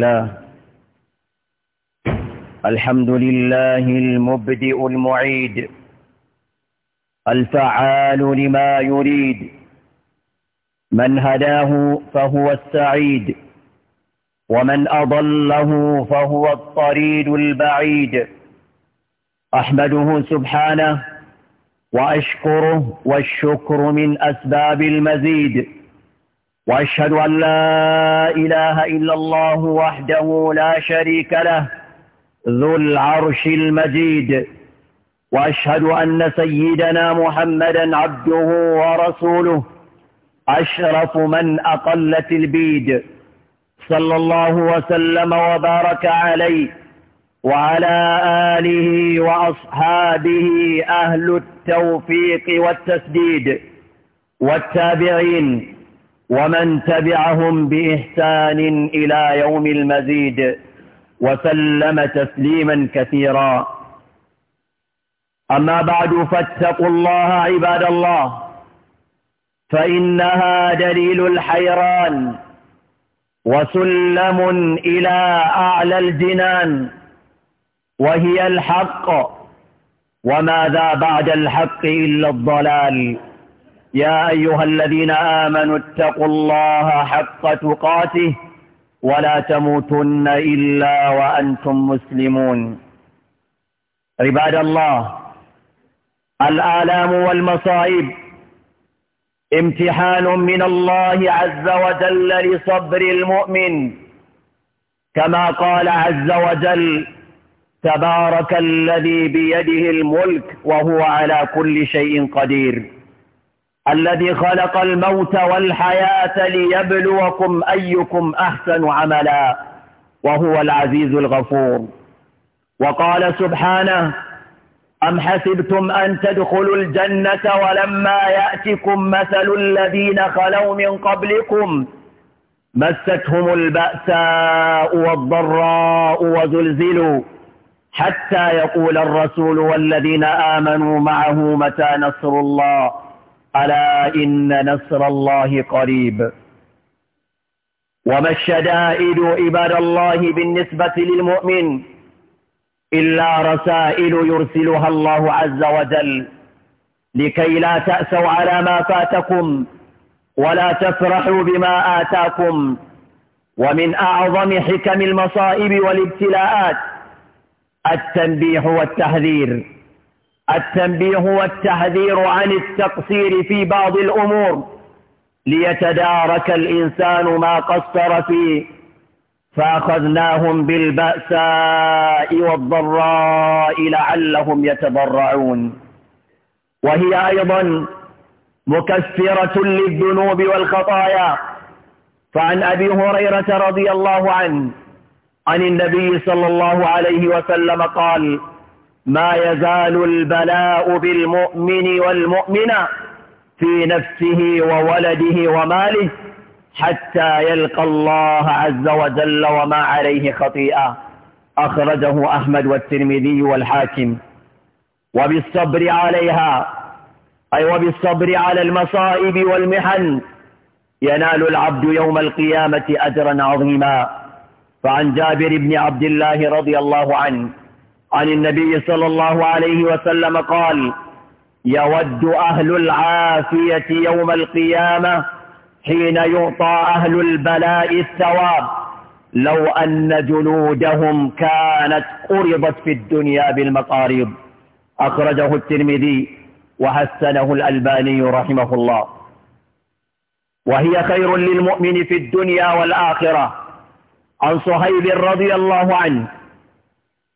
الله الحمد لله المبدئ المعيد الفعال لما يريد من هداه فهو السعيد ومن أضله فهو الطريد البعيد أحمده سبحانه وأشكره والشكر من أسباب المزيد وأشهد أن لا إله إلا الله وحده لا شريك له ذو العرش المجيد وأشهد أن سيدنا محمدا عبده ورسوله أشرف من أقلت البيد صلى الله وسلم وبارك عليه وعلى آله وأصحابه أهل التوفيق والتسديد والتابعين ومن تبعهم بإحسان إلى يوم المزيد وسلم تسليما كثيرا أما بعد فاتقوا الله عباد الله فإنها دليل الحيران وسلم إلى أعلى الجنان وهي الحق وماذا بعد الحق إلا الضلال يا أيها الذين آمنوا اتقوا الله حق تقاته ولا تموتن إلا وأنتم مسلمون عباد الله الآلام والمصائب امتحان من الله عز وجل لصبر المؤمن كما قال عز وجل تبارك الذي بيده الملك وهو على كل شيء قدير الذي خلق الموت والحياة ليبلوكم أيكم أحسن عملا وهو العزيز الغفور وقال سبحانه أم حسبتم أن تدخلوا الجنة ولما يأتكم مثل الذين خلوا من قبلكم مستهم البأساء والضراء وزلزلوا حتى يقول الرسول والذين آمنوا معه متى نصر الله ألا إن نصر الله قريب وما الشدائد عباد الله بالنسبة للمؤمن إلا رسائل يرسلها الله عز وجل لكي لا تأسوا على ما فاتكم ولا تفرحوا بما آتاكم ومن أعظم حكم المصائب والابتلاءات التنبيه والتحذير التنبيه والتحذير عن التقصير في بعض الأمور ليتدارك الإنسان ما قصر فيه فأخذناهم بالبأساء والضراء لعلهم يتضرعون وهي أيضا مكفرة للذنوب والخطايا فعن أبي هريرة رضي الله عنه عن النبي صلى الله عليه وسلم قال ما يزال البلاء بالمؤمن والمؤمنة في نفسه وولده وماله حتى يلقى الله عز وجل وما عليه خطيئة أخرجه أحمد والترمذي والحاكم وبالصبر عليها أي وبالصبر على المصائب والمحن ينال العبد يوم القيامة أجرا عظيما فعن جابر بن عبد الله رضي الله عنه عن النبي صلى الله عليه وسلم قال يود أهل العافية يوم القيامة حين يعطى أهل البلاء الثواب لو أن جنودهم كانت قرضت في الدنيا بالمقاريض أخرجه الترمذي وحسنه الألباني رحمه الله وهي خير للمؤمن في الدنيا والآخرة عن صهيب رضي الله عنه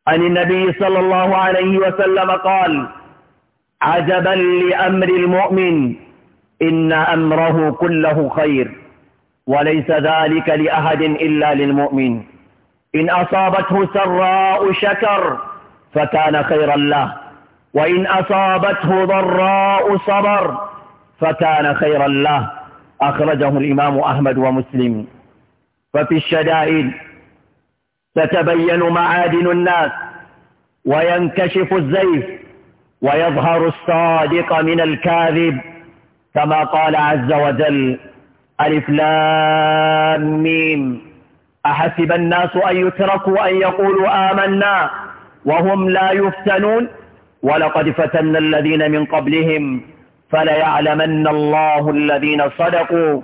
عن النبي صلى الله عليه وسلم قال عجبا لأمر المؤمن إن أمره كله خير وليس ذلك لأحد إلا للمؤمن إن أصابته سراء شكر فكان خيرا له وإن أصابته ضراء صبر فكان خيرا له أخرجه الإمام أحمد ومسلم ففي الشدائد تتبين معادن الناس وينكشف الزيف ويظهر الصادق من الكاذب كما قال عز وجل ألف لام ميم أحسب الناس أن يتركوا أن يقولوا آمنا وهم لا يفتنون ولقد فتنا الذين من قبلهم فليعلمن الله الذين صدقوا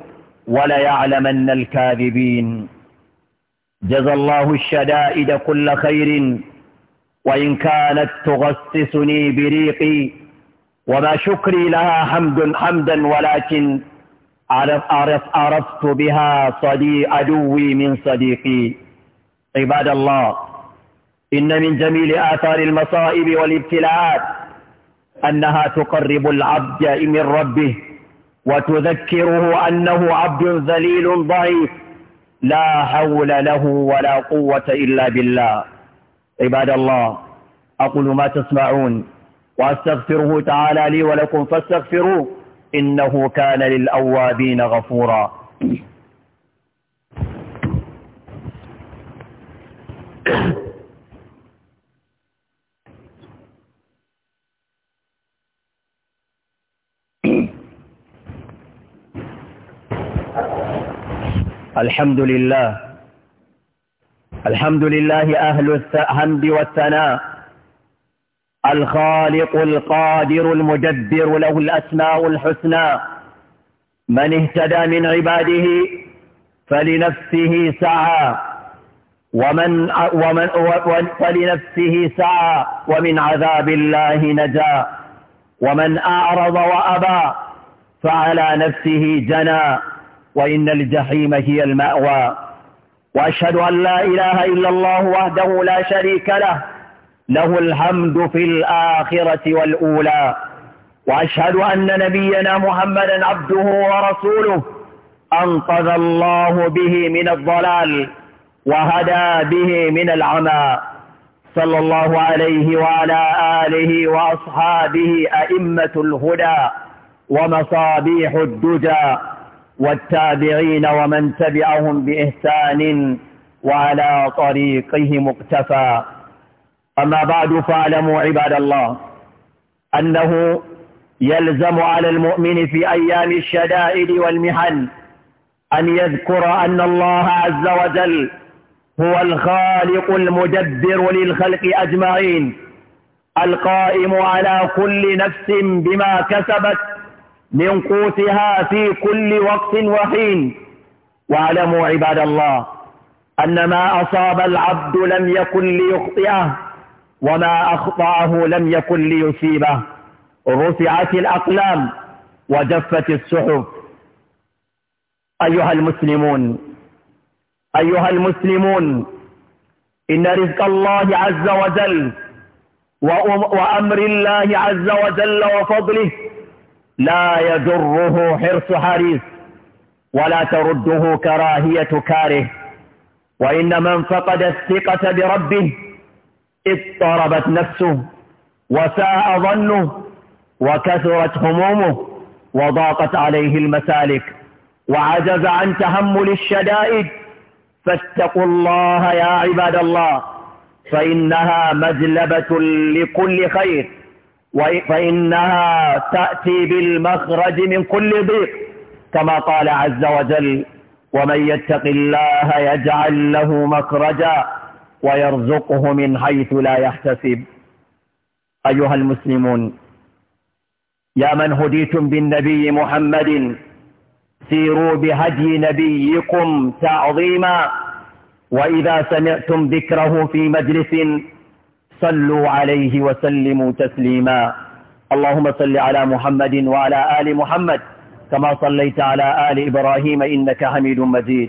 وليعلمن الكاذبين جزى الله الشدائد كل خير وإن كانت تغسسني بريقي وما شكري لها حمد حمدا ولكن عرف عرف عرفت بها صديق عدوي من صديقي عباد الله إن من جميل آثار المصائب والابتلاءات أنها تقرب العبد من ربه وتذكره أنه عبد ذليل ضعيف لا حول له ولا قوة إلا بالله عباد الله أقول ما تسمعون وأستغفره تعالى لي ولكم فاستغفروه إنه كان للأوابين غفورا Thank you. الحمد لله الحمد لله أهل الحمد والثناء الخالق القادر المجبر له الأسماء الحسنى من اهتدى من عباده فلنفسه سعى ومن ومن فلنفسه سعى ومن عذاب الله نجا ومن أعرض وأبى فعلى نفسه جنى وإن الجحيم هي المأوى وأشهد أن لا إله إلا الله وحده لا شريك له له الحمد في الآخرة والأولى وأشهد أن نبينا محمدا عبده ورسوله أنقذ الله به من الضلال وهدى به من العمى صلى الله عليه وعلى آله وأصحابه أئمة الهدى ومصابيح الدجى والتابعين ومن تبعهم بإحسان وعلى طريقه مقتفى أما بعد فاعلموا عباد الله أنه يلزم على المؤمن في أيام الشدائد والمحن أن يذكر أن الله عز وجل هو الخالق المدبر للخلق أجمعين القائم على كل نفس بما كسبت من قوتها في كل وقت وحين واعلموا عباد الله أن ما أصاب العبد لم يكن ليخطئه وما أخطأه لم يكن ليصيبه رفعت الأقلام وجفت السحب أيها المسلمون أيها المسلمون إن رزق الله عز وجل وأمر الله عز وجل وفضله لا يجره حرص حريص ولا ترده كراهية كاره وإن من فقد الثقة بربه اضطربت نفسه وساء ظنه وكثرت همومه وضاقت عليه المسالك وعجز عن تحمل الشدائد فاتقوا الله يا عباد الله فإنها مجلبة لكل خير فإنها تأتي بالمخرج من كل ضيق كما قال عز وجل ومن يتق الله يجعل له مخرجا ويرزقه من حيث لا يحتسب أيها المسلمون يا من هديتم بالنبي محمد سيروا بهدي نبيكم تعظيما وإذا سمعتم ذكره في مجلس صلوا عليه وسلموا تسليما اللهم صل على محمد وعلى آل محمد كما صليت على آل إبراهيم إنك حميد مجيد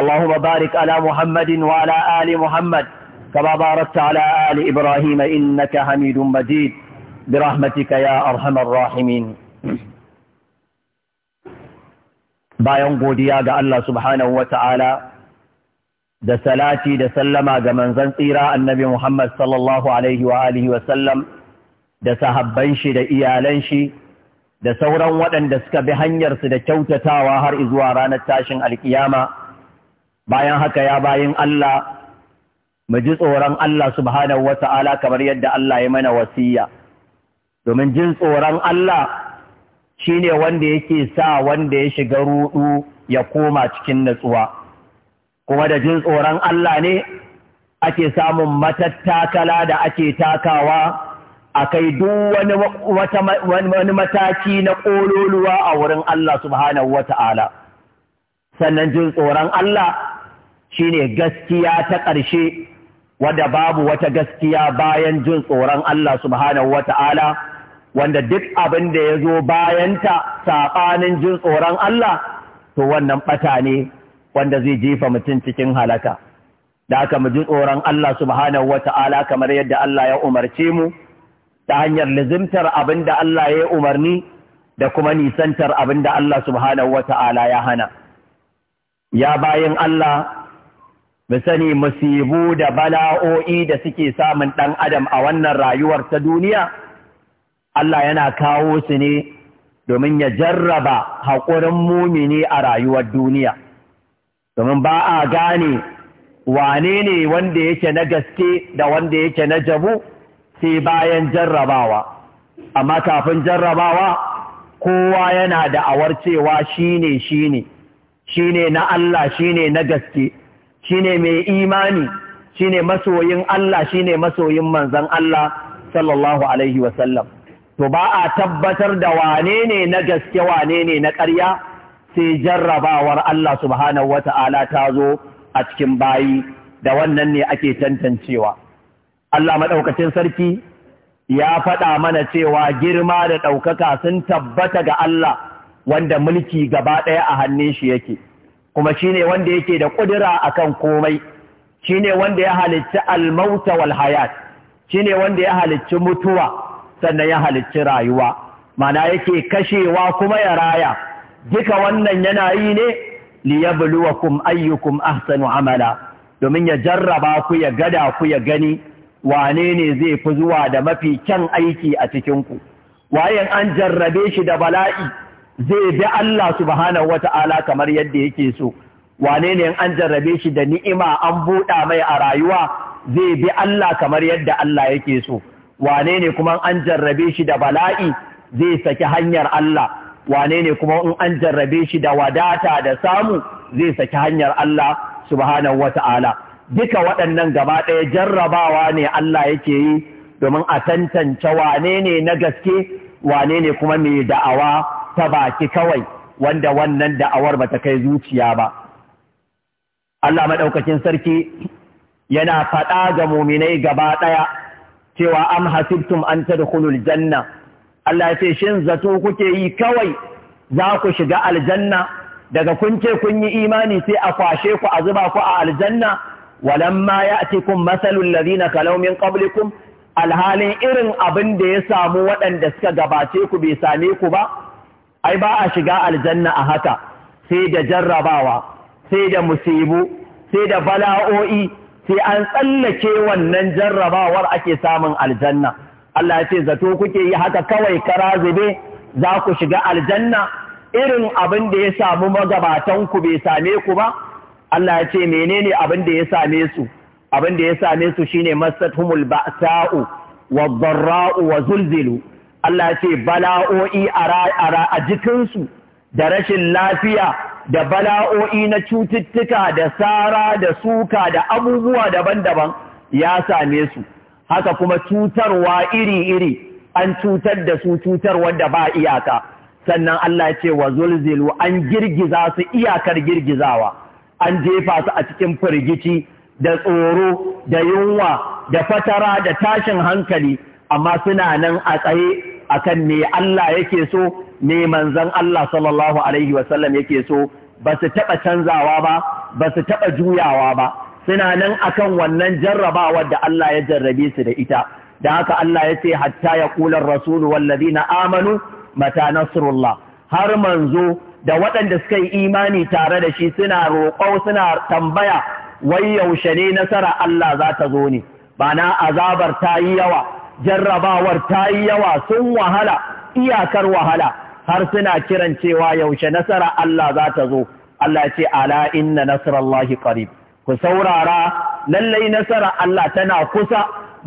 اللهم بارك على محمد وعلى آل محمد كما باركت على آل إبراهيم إنك حميد مجيد برحمتك يا أرحم الراحمين بايون قوديا الله سبحانه وتعالى da salati da sallama ga manzon tsira annabi Muhammad sallallahu alaihi wa alihi wa sallam da sahabban shi da iyalan shi da sauran waɗanda suka bi hanyar su da kyautatawa har izuwa ranar tashin alkiyama bayan haka ya bayin Allah mu ji tsoron Allah subhanahu ta'ala kamar yadda Allah ya mana wasiya domin jin tsoron Allah shine wanda yake sa wanda ya shiga rudu ya koma cikin natsuwa kuma da jin tsoron Allah ne ake samun matattakala da ake takawa a kai duk wani mataki na ƙololuwa a wurin Allah subhanahu wa ta'ala. Sannan jin tsoron Allah shi ne gaskiya ta ƙarshe wadda babu wata gaskiya bayan jin tsoron Allah subhanahu wa ta'ala wanda duk abin da ya zo bayanta saɓanin jin tsoron Allah to wannan ɓata ne wanda zai jefa mutum cikin halaka da aka mu ji tsoron Allah subhanahu wa ta'ala kamar yadda Allah ya umarce mu ta hanyar lizimtar abin da Allah ya umarni da kuma nisantar abin da Allah subhanahu wa ta'ala ya hana ya bayan Allah mu sani musibu da bala'o'i da suke samun ɗan adam a wannan rayuwar ta duniya Allah yana kawo su ne domin ya jarraba haƙurin mumini a rayuwar duniya domin ba a gane wane ne wanda yake na gaske da wanda yake na jabu sai bayan jarrabawa amma kafin jarrabawa kowa yana da awarcewa shine shine shine na Allah shine na gaske shine mai imani shine masoyin Allah shine masoyin manzon Allah sallallahu alaihi wasallam to ba a tabbatar da wane ne na gaske wane ne na ƙarya sai jarrabawar Allah subhanahu wata'ala ta zo a cikin bayi da wannan ne ake tantancewa Allah maɗaukacin sarki ya faɗa mana cewa girma da ɗaukaka sun tabbata ga Allah wanda mulki gaba ɗaya a hannun shi yake kuma shi ne wanda yake da ƙudura a kan komai shine wanda ya halicci almauta wal hayat shine wanda ya halicci mutuwa sannan ya halicci rayuwa mana yake kashewa kuma ya raya duka wannan yana yi ne kum, ayyukum ahsanu amala domin ya jarraba ku ya gada ku ya gani wane ne zai fi zuwa da mafi kyan aiki a cikin ku wayan an jarrabe shi da bala'i zai bi Allah subhanahu wata'ala kamar yadda yake so wane ne an jarrabe shi da ni'ima an buɗa mai a rayuwa zai bi Allah kamar yadda Allah yake so wane ne kuma an jarrabe shi da bala'i zai saki hanyar Allah wane ne kuma in an jarrabe shi da wadata da samu zai saki hanyar Allah subhanahu wata'ala duka waɗannan gaba ɗaya jarrabawa ne Allah yake yi domin a tantance wane ne na gaske wane ne kuma mai da'awa ta baki kawai wanda wannan da'awar ba ta kai zuciya ba Allah maɗaukakin sarki yana faɗa ga muminai gaba ɗaya cewa am hasibtum an tadkhulul janna Allah ya ce shin zato kuke yi kawai za ku shiga aljanna daga kun ce kun yi imani sai a kwashe ku a zuba ku a aljanna walamma ya'tikum masalul ladina kalaw min qablikum alhalin irin abin da ya samu waɗanda suka gabace ku bai same ku ba ai ba a shiga aljanna a haka sai da jarrabawa sai da musibu sai da bala'o'i sai an tsallake wannan jarrabawar ake samun aljanna Allah ya ce zato kuke yi haka kawai kara zube za ku shiga aljanna irin abin da ya samu magabatan ku bai same ku ba Allah ya ce menene abin da ya same su abin da ya same su shine masathumul ba'sa'u wadh-dharra'u wa zulzilu Allah ya ce bala'o'i a jikinsu da rashin lafiya da bala'o'i na cututtuka da sara da suka da abubuwa daban-daban ya same su haka kuma cutarwa iri-iri an cutar da su cutar wadda ba iyaka sannan Allah ya ce wa zulzilu an girgiza su iyakar girgizawa an jefa su a cikin firgici da tsoro da yunwa da fatara da tashin hankali amma suna nan a tsaye akan me Allah yake so me manzon Allah sallallahu alaihi wasallam yake so ba su taɓa canzawa ba ba su taɓa juyawa ba suna nan akan wannan jarrabawar da Allah ya jarrabe su da ita da haka Allah ya ce hatta ya kular rasulu wallazina amanu mata nasrullah har manzo da waɗanda suka yi imani tare da shi suna roƙo suna tambaya wai yaushe ne nasara Allah za ta zo ne ba na azabar ta yi yawa jarrabawar ta yi yawa sun wahala iyakar wahala har suna kiran cewa yaushe nasara Allah za ta zo Allah ce ala inna nasrallahi qarib ku saurara lallai nasara Allah tana kusa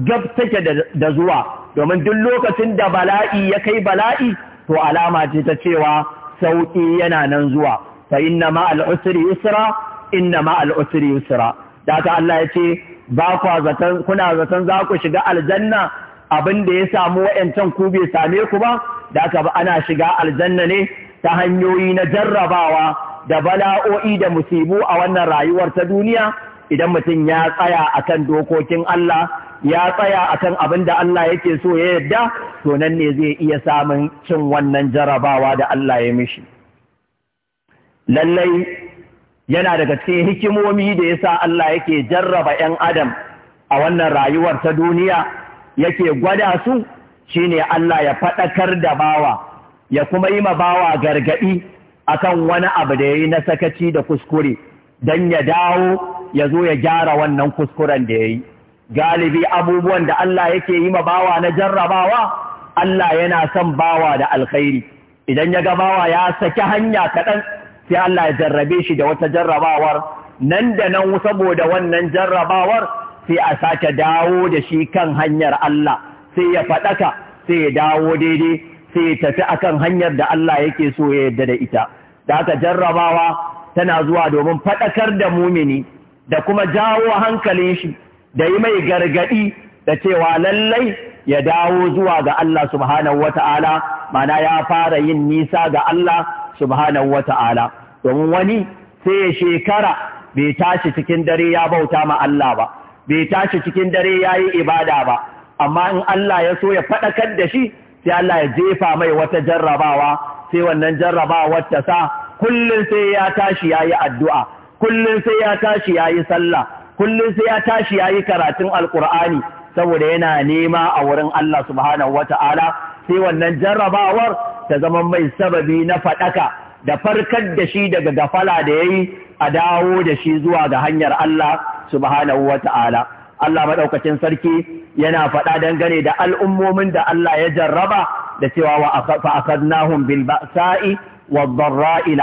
gab take da zuwa domin duk lokacin da bala'i ya kai bala'i to alama ce ta cewa sauki yana nan zuwa fa inna ma al'usri yusra inna ma al'usri yusra da ta Allah ya ce ba ku zaton kuna zaton za ku shiga aljanna abin da ya samu wayancan ku bai same ku ba da ba ana shiga aljanna ne ta hanyoyi na jarrabawa da bala'o'i da musibu a wannan rayuwar ta duniya idan mutum ya tsaya a kan dokokin Allah ya tsaya a kan abin da Allah yake so ya yadda, to nan ne zai iya samun cin wannan jarabawa da Allah ya mishi lallai yana daga cikin hikimomi da yasa Allah yake jarraba 'yan adam a wannan rayuwar ta duniya yake gwada su shine Allah ya faɗakar da bawa ya kuma yi ma bawa gargaɗi akan wani abu da ya yi na sakaci da kuskure don ya dawo ya zo ya gyara wannan kuskuren da ya yi galibi abubuwan da Allah yake yi ma bawa na jarrabawa Allah yana son bawa da alkhairi idan ya ga bawa ya saki hanya kaɗan sai Allah ya jarrabe shi da wata jarrabawar nan da nan saboda wannan jarrabawar sai a sake dawo da shi kan hanyar Allah sai ya faɗaka sai ya dawo daidai sai tafi akan hanyar da Allah yake so ya yarda da ita da aka jarrabawa tana zuwa domin faɗakar da mumini da kuma jawo hankalin shi da yi mai gargaɗi da cewa lallai ya dawo zuwa ga Allah subhanahu wata'ala mana ya fara yin nisa ga Allah subhanahu wata'ala domin wani sai ya shekara bai tashi cikin dare ya bauta ma Allah ba bai tashi cikin dare ya yi ibada ba amma in Allah ya so ya faɗakar da shi sai Allah ya jefa mai wata jarrabawa sai wannan jarrabawar ta sa kullum sai ya tashi yayi addu'a kullum sai ya tashi yayi sallah kullum sai ya tashi yayi karatun alkur'ani saboda yana nema a wurin Allah subhanahu wata'ala sai wannan jarrabawar ta zama mai sababi na faɗaka da farkar da shi daga gafala da yayi a dawo da shi zuwa ga hanyar Allah subhanahu wata'ala Allah maɗaukacin sarki yana faɗa dangane da al'ummomin da Allah ya jarraba da cewa wa Bilba, sa'i ba'sa'i wad dharra'i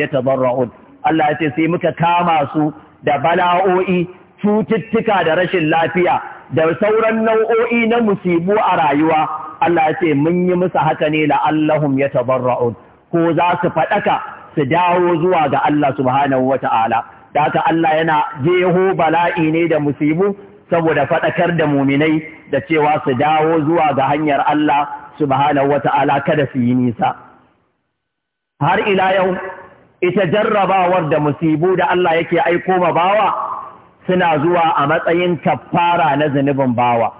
ya tabarra'un. Allah ya ce sai muka kama su da bala'o'i cututtuka da rashin lafiya da sauran nau'o'i na musibu a rayuwa Allah ya ce mun yi musu haka ne la'allahum tabarra'un. ko za su faɗaka su dawo zuwa ga Allah subhanahu ta'ala. da haka Allah yana jeho bala'i ne da musibu saboda faɗakar da muminai da cewa su dawo zuwa ga hanyar Allah subhanahu ta’ala kada su yi nisa har ila yau ita jarrabawar da musibu da Allah yake aiko ma bawa suna zuwa a matsayin tafara na zunubin bawa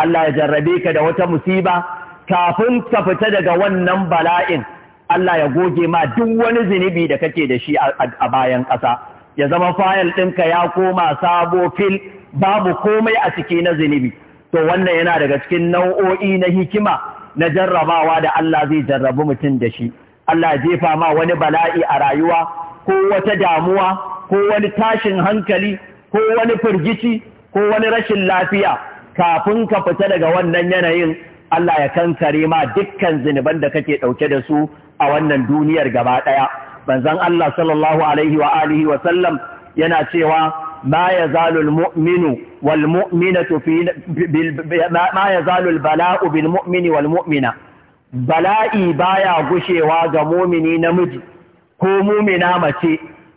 Allah ya jarrabe ka da wata musiba kafin ka fita daga wannan bala'in Allah ya goge ma duk wani zunubi da kake da shi a bayan ƙasa ya zama fayil ɗinka ya koma sabo fil babu komai a ciki na zunubi to wannan yana daga cikin nau'o'i na hikima na jarrabawa da Allah zai jarrabu mutum da shi Allah jefa ma wani bala'i a rayuwa ko wata damuwa ko wani tashin hankali ko wani firgici ko wani rashin lafiya kafin ka fita daga wannan yanayin Allah ya kankare ma dukkan zunuban da kake ɗauke da su a wannan duniyar gaba ɗaya. manzon Allah sallallahu Alaihi wa alihi wa sallam yana cewa ما يزال المؤمن والمؤمنة Bala'i baya gushewa ga mumini namiji ko mumina mace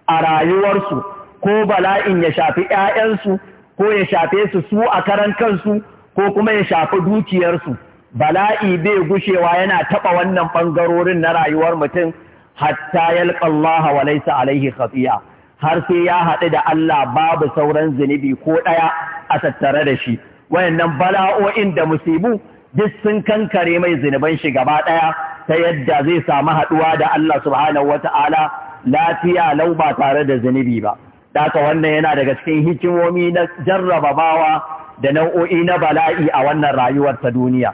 a rayuwarsu ko bala'in ya shafi 'ya'yansu, ko ya shafe su a karan kansu ko kuma ya shafi dukiyarsu bala'i bai gushewa yana taɓa wannan ɓangarorin na rayuwar mutum hatta yalqa Allah wa laysa alaihi khati'a har sai ya haɗu da Allah babu sauran zunubi ko ɗaya a tattare da shi wayannan bala'o'in da musibu duk sun kankare mai zunuban shi gaba ɗaya ta yadda zai samu haɗuwa da Allah subhanahu wata'ala lafiya lau ba tare da zunubi ba daka wannan yana daga cikin hikimomi na jarraba bawa da nau'o'i na bala'i a wannan rayuwar ta duniya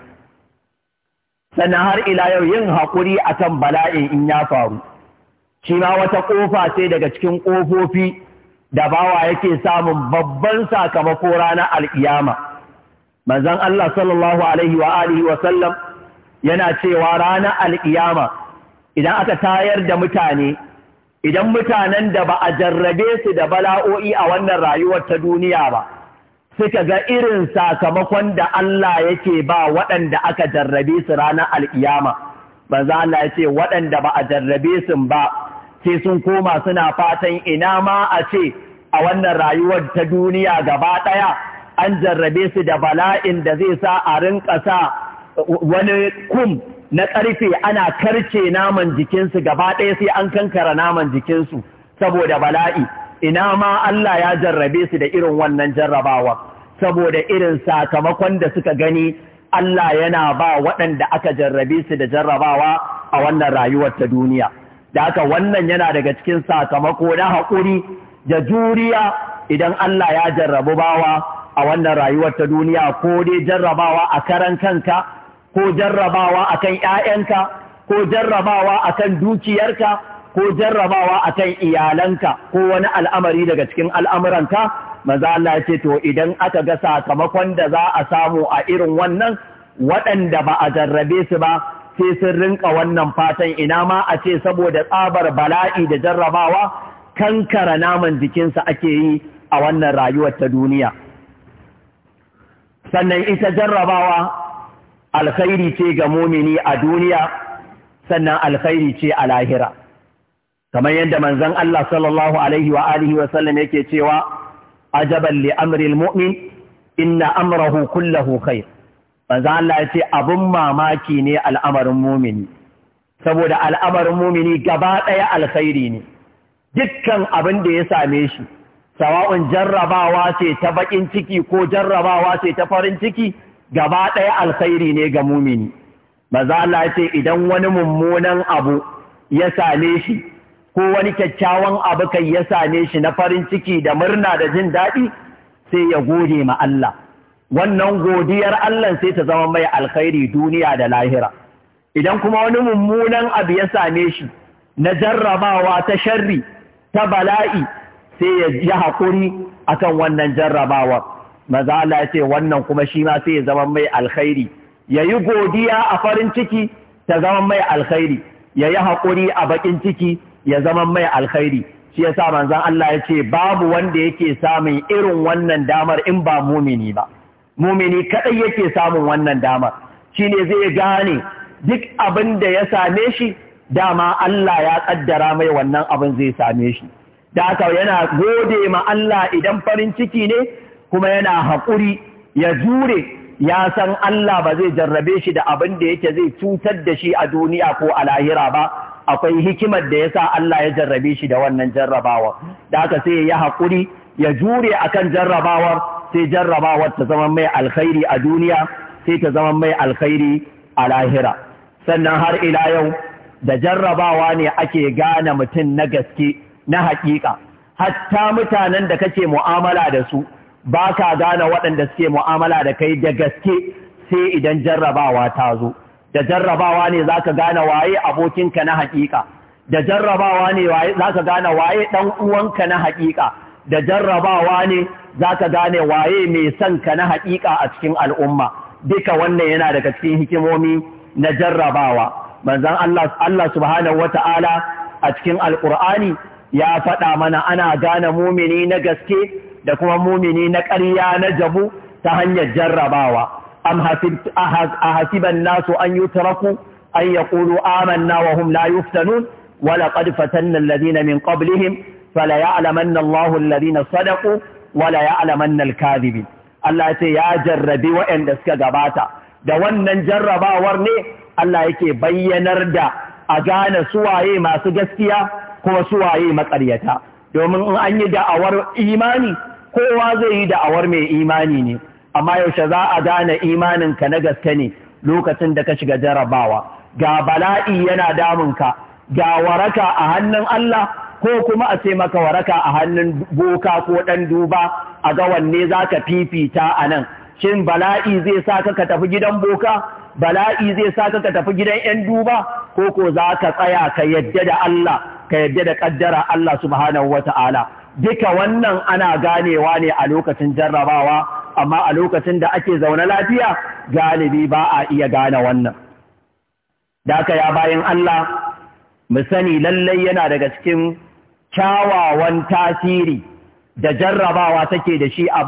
sannan har ila yau yin haƙuri akan bala'in in ya faru shi ma wata ƙofa ce daga cikin ƙofofi da bawa yake samun babban sakamako ranar al'iyama. Manzan Allah sallallahu Alaihi wa Alihi wasallam yana cewa ranar al'iyama idan aka tayar da mutane, idan mutanen da ba a jarrabe su da bala'o'i a wannan rayuwar ta duniya ba, suka ga irin sakamakon da Allah yake ba waɗanda aka jarrabe su ranar al'iyama. Manzan Allah ya ce waɗanda ba a jarrabe su ba sai sun koma suna fatan ina ma a ce a wannan rayuwar ta duniya gaba ɗaya an jarrabe su da bala'in da zai sa a rinka sa wani kum na ƙarfe ana karce naman jikinsu gaba ɗaya sai an kankara naman jikinsu saboda bala'i ina ma Allah ya jarrabe su da irin wannan jarrabawa saboda irin sakamakon da suka gani Allah yana ba waɗanda aka jarrabe su da jarrabawa a wannan rayuwar ta duniya. da aka wannan yana daga cikin sakamako na haƙuri da juriya idan Allah ya jarrabawa bawa a wannan rayuwar ta duniya ko dai jarrabawa a karan kanka ko jarrabawa kan 'ya'yanka, ko jarrabawa akan dukiyarka ko jarrabawa akan iyalanka ko wani al'amari daga cikin al'amuranka maza Allah ce to idan aka ga sakamakon da za a samu a irin wannan waɗanda ba a jarrabe su ba sai sun rinka wannan fatan ina ma a ce saboda tsabar bala'i da jarrabawa kankara naman jikinsa ake yi a wannan rayuwar ta duniya sannan ita jarrabawa alkhairi ce ga mumini a duniya sannan alkhairi ce a lahira kamar yadda manzon Allah sallallahu alaihi wa alihi wa yake cewa ajaban li amril mu'min inna amrahu kullahu khair manzo Allah ya ce abin mamaki ne al'amarin mumini saboda al'amarin mumini gaba ɗaya alkhairi ne dukkan abin da ya same shi sawa'un jarrabawa ce ta bakin ciki ko jarrabawa ce ta farin ciki gaba ɗaya alkhairi ne ga mumini maza Allah ce idan wani mummunan abu ya same shi ko wani kyakkyawan abu kai ya same shi na farin ciki da murna da jin daɗi sai ya gode ma Allah wannan godiyar Allah sai ta zama mai alkhairi duniya da lahira idan kuma wani mummunan abu ya same shi na jarrabawa ta sharri ta bala'i sai ya yi haƙuri akan wannan jarrabawa maza Allah ya ce wannan kuma shi ma sai ya zama mai alkhairi ya yi godiya a farin ciki ta zama mai alkhairi ya yi haƙuri a baƙin ciki ya zama mai alkhairi shi ya sa manzan Allah ya ce babu wanda yake samun irin wannan damar in ba mumini ba mumini kaɗai yake samun wannan dama ne zai gane duk abin da ya same shi dama Allah ya kaddara mai wannan abin zai same shi da haka yana gode ma Allah idan farin ciki ne kuma yana haƙuri ya jure ya san Allah ba zai jarrabe shi da abin da yake zai cutar da shi a duniya ko a lahira ba akwai hikimar da ya sa Allah ya jarrabe shi da wannan jarrabawar. da aka sai ya haƙuri ya jure kan jarrabawar sai jarrabawar ta zama mai alkhairi a duniya sai ta zama mai alkhairi a lahira sannan har ila yau da jarrabawa ne ake gane mutum na gaske na haƙiƙa hatta mutanen da kake mu'amala da su ba ka gane waɗanda suke mu'amala da kai da gaske sai idan jarrabawa ta zo da jarrabawa ne za ka gane waye abokinka na haƙiƙa da jarrabawa ne za ka gane waye ɗan uwanka na haƙiƙa da jarrabawa ne za ka gane waye mai son ka na haƙiƙa a cikin al'umma duka wannan yana daga cikin hikimomi na jarrabawa manzon Allah Allah subhanahu wata'ala a cikin alqur'ani ya faɗa mana ana gane mumini na gaske da kuma mumini na ƙarya na jabu ta hanyar jarrabawa am hasiban nasu an yutraku an ya ƙulu amanna wa hum la yuftanun wa laqad fatanna alladhina min qablihim fala ya'lamanna Allahu alladhina sadaqu wala ya al-kadhibin Allah ce ya jarrabi waɗanda suka gabata da wannan jarrabawar ne Allah yake bayyanar da a gane suwaye masu gaskiya kuma suwaye maƙaryata domin in an yi da'awar imani kowa zai yi da'awar mai imani ne amma yaushe za a gane imaninka na gaske ne lokacin da ka shiga jarrabawa ga bala'i yana damunka ga waraka a hannun Allah ko kuma a ce maka waraka a hannun boka ko ɗan duba a ga wanne za ka fifita a nan shin bala'i zai sa ka ka tafi gidan boka bala'i zai sa ka ka tafi gidan 'yan duba ko ko za ka tsaya ka yadda da Allah ka yadda da ƙaddara Allah subhanahu wa ta'ala duka wannan ana ganewa ne a lokacin jarrabawa amma a lokacin da ake zaune lafiya galibi ba a iya gane wannan da ya bayan Allah mu sani lallai yana daga cikin kyawawan tasiri da jarrabawa take da shi a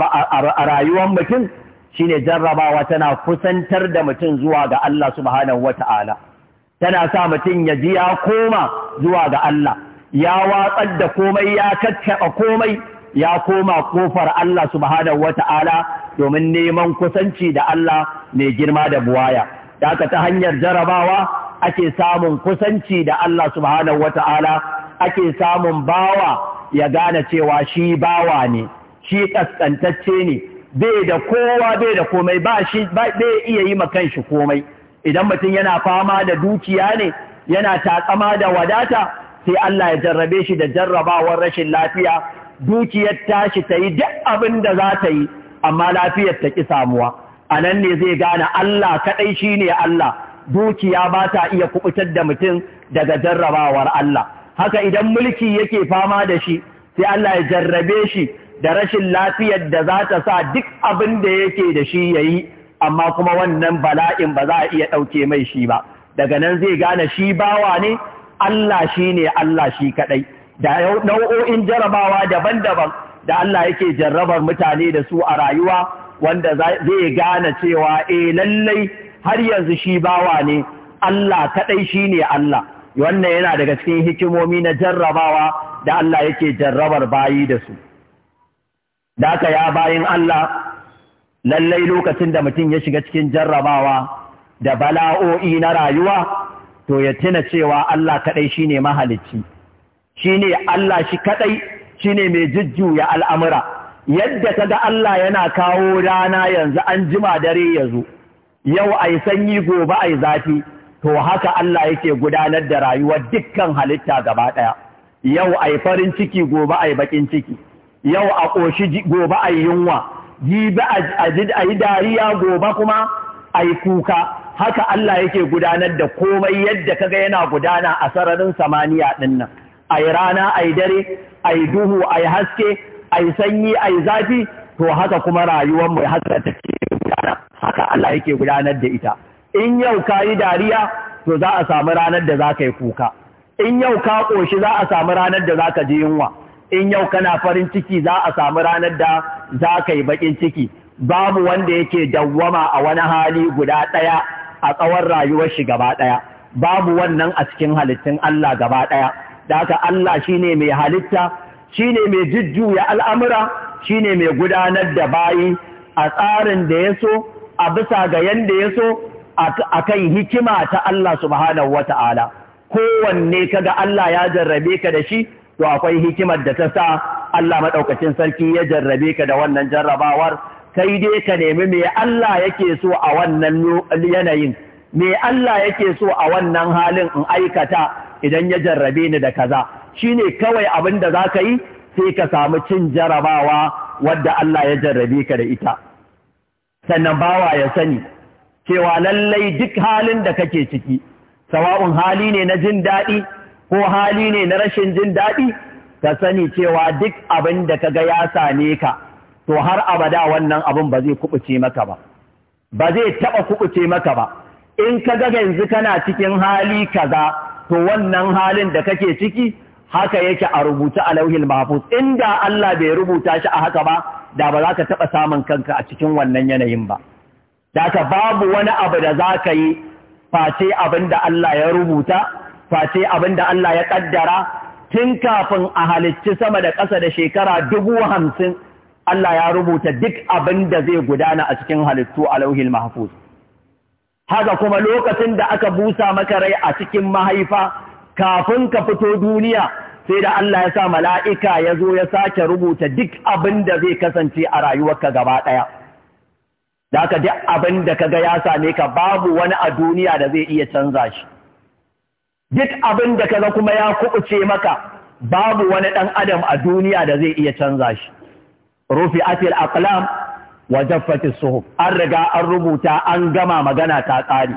rayuwar mutum shine jarrabawa tana kusantar da mutum zuwa ga Allah subhanahu wata'ala tana sa mutum ya ji ya koma zuwa ga Allah ya watsar da komai ya kakkaba komai ya koma kofar Allah subhanahu wata'ala domin neman kusanci da Allah mai girma da buwaya da aka ta hanyar jarrabawa ake samun kusanci da Allah subhanahu wata'ala ake samun bawa ya gane cewa shi bawa ne shi ƙasƙantacce ne bai da kowa bai da komai ba shi bai iya yi ma kanshi komai idan mutum yana fama da dukiya ne yana takama da wadata sai Allah ya jarrabe shi da jarrabawar rashin lafiya dukiyar tashi ta yi duk abin da za ta yi amma lafiyar ta ƙi samuwa a nan ne zai gane Allah kaɗai shi ne Allah dukiya ba ta iya kuɓutar da mutum daga jarrabawar Allah haka idan mulki yake fama da shi sai Allah ya jarrabe shi da rashin lafiyar da za ta sa duk abin da yake da shi ya yi amma kuma wannan bala'in ba za a iya ɗauke mai shi ba daga nan zai gane shi bawa ne Allah shi ne Allah shi kaɗai da nau'o'in jarabawa daban-daban da Allah yake jarrabar mutane da su a rayuwa wanda zai gane cewa e lallai har yanzu shi bawa ne Allah kaɗai shi ne Allah wannan yana daga cikin hikimomi na jarrabawa da Allah yake jarrabar bayi da su da aka ya bayin Allah lallai lokacin da mutum ya shiga cikin jarrabawa da bala'o'i na rayuwa to ya tuna cewa Allah kaɗai shi ne mahalicci shi ne Allah shi kaɗai shi ne mai jujjuya al'amura yadda ka ga Allah yana kawo rana yanzu an jima dare ya zo yau a yi sanyi gobe a yi zafi to haka Allah yake gudanar da rayuwar dukkan halitta gaba ɗaya yau a yi farin ciki gobe a yi bakin ciki yau a ƙoshi gobe a yi yunwa jibi a yi dariya gobe kuma a yi kuka haka Allah yake gudanar da komai yadda kaga yana gudana a sararin samaniya ɗin nan, a yi rana a yi dare a yi duhu a yi haske a yi sanyi a yi zafi to haka kuma rayuwar mu haka take gudana haka Allah yake gudanar da ita in yau ka yi dariya to za a samu ranar da za ka yi kuka in yau ka ƙoshi za a samu ranar da za ka ji yunwa in yau kana farin ciki za a samu ranar da za ka yi baƙin ciki babu wanda yake dawwama a wani hali guda ɗaya a tsawon rayuwar shi gaba ɗaya babu wannan a cikin halittun Allah gaba ɗaya da haka Allah shi ne mai halitta shi ne mai jujjuya al'amura shi ne mai gudanar da bayi a tsarin da ya so a bisa ga yanda ya so A kan hikima ta Allah subhanahu wa ta'ala. kowanne kaga Allah ya jarrabe ka da shi to akwai hikimar da ta sa Allah maɗaukacin sarki ya jarrabe ka da wannan jarrabawar sai dai ka nemi me Allah yake so a wannan yanayin me Allah yake so a wannan halin in aikata idan ya jarrabe ni da kaza Shi ne kawai abin da za ka yi sai ka samu cin jarrabawa wadda Allah ya jarrabe ka da ita sannan bawa ya sani cewa lallai duk halin da kake ciki sawa'un hali ne na jin daɗi ko hali ne na rashin jin daɗi ka sani cewa duk abin da ka ga ya same ka to har abada wannan abin ba zai kubuce maka ba ba zai taɓa kubuce maka ba in ka ga yanzu kana cikin hali kaza to wannan halin da kake ciki haka yake a rubuta a lauhin mahfuz inda Allah bai rubuta shi a haka ba da ba za ka taɓa samun kanka a cikin wannan yanayin ba da ka babu wani abu da za ka yi face abin da Allah ya rubuta face abin da Allah ya ƙaddara tun kafin a halicci sama da ƙasa da shekara dubu hamsin Allah ya rubuta duk abin da zai gudana a cikin halittu a lauhil mahfuz haka kuma lokacin da aka busa maka rai a cikin mahaifa kafin ka fito duniya sai da Allah ya sa mala'ika ya zo ya sake rubuta duk abin da zai kasance a rayuwarka gaba ɗaya. da aka duk abin da kaga ya same ka babu wani a duniya da zai iya canza shi duk abin da kaga kuma ya kubuce maka babu wani dan adam a duniya da zai iya canza shi Rufi atil aqlam wa jaffatis suhuf an riga an rubuta an gama magana ta tsari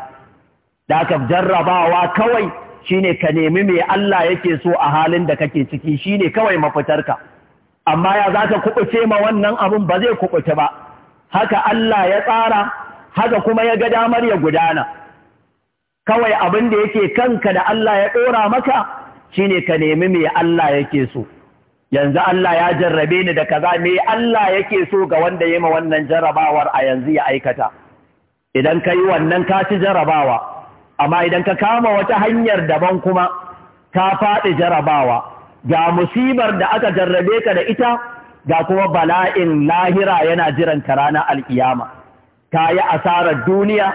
da aka jarrabawa kawai shine ka nemi me Allah yake so a halin da kake ciki shine kawai mafitarka amma ya zaka kuɓuce ma wannan abin ba zai kubuce ba haka Allah ya tsara haka kuma ya ga damar ya gudana kawai abin da yake kanka da Allah ya ɗora maka shine ka nemi me Allah yake so yanzu Allah ya jarrabe ni da kaza me Allah yake so ga wanda ya ma wannan jarrabawar a yanzu ya aikata idan ka yi wannan ka ci jarrabawa amma idan ka kama wata hanyar daban kuma ka faɗi jarrabawa ga musibar da aka jarrabe ka da ita ga kuma bala'in lahira yana jiran ka ranar alkiyama ka yi asarar duniya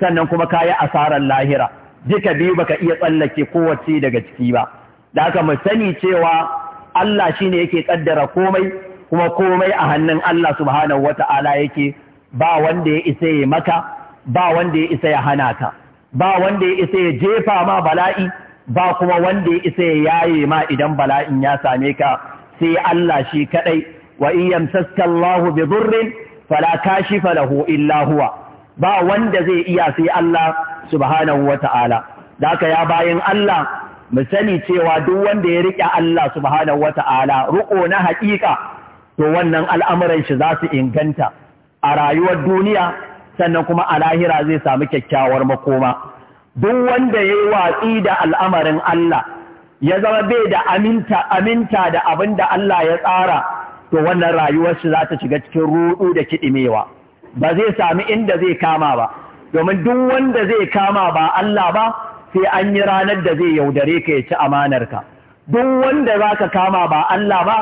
sannan kuma ka yi asarar lahira duka biyu baka iya tsallake kowace daga ciki ba da aka sani cewa Allah shi ne yake tsaddara komai kuma komai a hannun Allah subhanahu ta'ala yake ba wanda ya isa ya maka ba wanda ya isa ya hana ka ba wanda ya isa ya jefa ma bala'i ba kuma wanda ya isa ya yaye ma idan bala'in ya same ka sai Allah shi kadai wa iyam yamsaska Allahu bi dhurrin fala kashifa lahu illa huwa ba wanda zai iya sai Allah subhanahu wata'ala da ya bayan Allah mu sani cewa duk wanda ya rike Allah subhanahu wata'ala ruko na haƙiƙa to wannan al'amuran shi za su inganta a rayuwar duniya sannan kuma a lahira zai samu kyakkyawar makoma duk wanda ya yi watsi da al'amarin Allah ya zama bai da aminta aminta da abin da Allah ya tsara to wannan rayuwar shi za ta shiga cikin rudu da kidimewa ba zai sami inda zai kama ba domin duk wanda zai kama ba Allah ba sai an yi ranar da zai yaudare ka ya ci amanar ka. duk wanda za ka kama ba Allah ba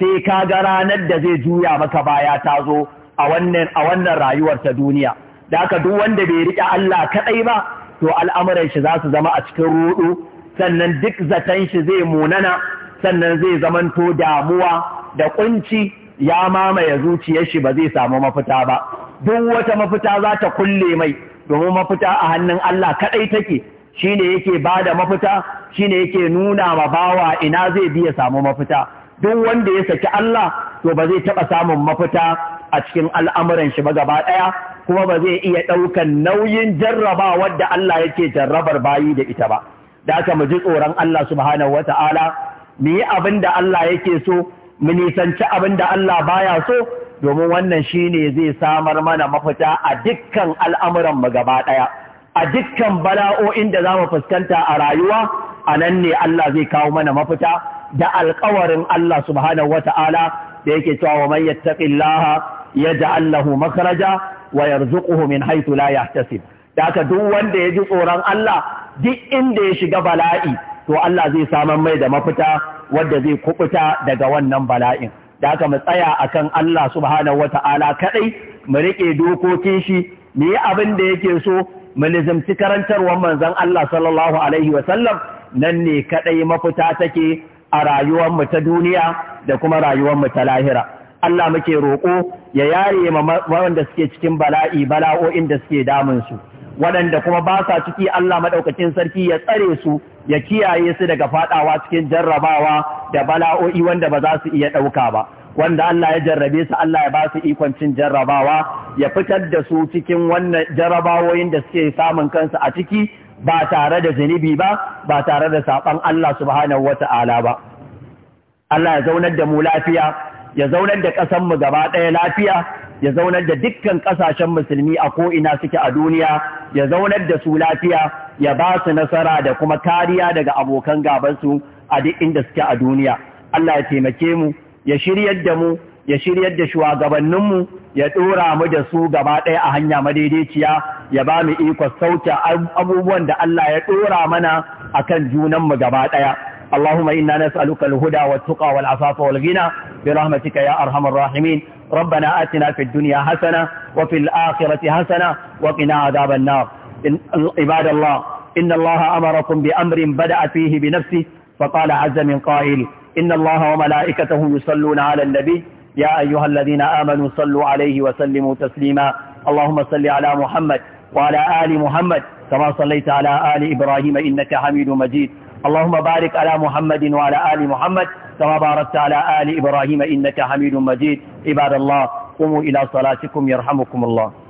sai ka ga ranar da zai juya maka baya ta zo a wannan a wannan rayuwar ta duniya da haka duk wanda bai riƙe Allah kaɗai ba to al'amuran shi za su zama a cikin rudu sannan duk zaton shi zai munana sannan zai zamanto damuwa da kunci ya mamaye zuciyar shi ba zai samu mafita ba duk wata mafita za ta kulle mai domin mafita a hannun Allah kadai take shine yake bada mafita shine yake nuna ma bawa ina zai bi ya samu mafita duk wanda ya saki Allah to ba zai taɓa samun mafita a cikin al'amuran shi ba gaba ɗaya kuma ba zai iya ɗaukan nauyin jarraba wadda Allah yake jarrabar bayi da ita ba. da aka mu ji tsoron Allah subhanahu wata'ala mu yi abin da Allah yake so mu nisanci abin da Allah baya so domin wannan shine zai samar mana mafita a dukkan al'amuran mu gaba ɗaya a dukkan bala'o'in da zamu fuskanta a rayuwa a nan ne Allah zai kawo mana mafita da alƙawarin Allah subhanahu wata'ala da yake cewa wa man yattaqillaha yaj'al lahu makaraja wa yarzuquhu min haythu la yahtasib da duk wanda ya ji tsoron Allah duk inda ya shiga bala'i to Allah zai saman mai da mafita wadda zai kubuta daga wannan bala'in da aka mu tsaya kan Allah subhanahu wata'ala kadai mu riƙe dokokin shi mu yi abin da yake so mu nizamci karantarwar manzon Allah sallallahu alaihi wa nan ne kadai mafita take a rayuwar mu ta duniya da kuma rayuwar mu ta lahira Allah muke roƙo ya yare ma wanda suke cikin bala'i bala'o'in da suke damun su waɗanda kuma ba sa ciki Allah maɗaukacin sarki ya tsare su ya kiyaye su daga faɗawa cikin jarrabawa da bala'o'i wanda ba za su iya ɗauka ba wanda Allah ya jarrabe su Allah ya ba su ikon cin jarrabawa ya fitar da su cikin wannan jarrabawoyin da suke samun kansu a ciki ba tare da zunubi ba ba tare da saɓan Allah subhanahu wata'ala ba Allah ya zaunar da mu lafiya ya zaunar da ƙasanmu gaba ɗaya lafiya ya zaunar da dukkan ƙasashen musulmi a ko'ina suke a duniya ya zaunar da su lafiya ya ba su nasara da kuma kariya daga abokan gabansu a duk inda suke a duniya Allah ya taimake mu ya shiryar da mu ya shiryar da shugabanninmu ya ɗora mu da su gaba ɗaya a hanya madaidaiciya ya ba mu ikon sauke abubuwan da Allah ya ɗora mana a kan junanmu gaba ɗaya. Allahuma inna nas'aluka al-huda wa tuqa wal afafa wal ghina bi rahmatika ya rahimin. ربنا آتنا في الدنيا حسنة وفي الآخرة حسنة وقنا عذاب النار عباد الله إن الله أمركم بأمر بدأ فيه بنفسه فقال عز من قائل إن الله وملائكته يصلون على النبي يا أيها الذين آمنوا صلوا عليه وسلموا تسليما اللهم صل على محمد وعلى آل محمد كما صليت على آل إبراهيم إنك حميد مجيد اللهم بارك على محمد وعلى آل محمد كما باركت على آل إبراهيم إنك حميد مجيد عباد الله قوموا إلى صلاتكم يرحمكم الله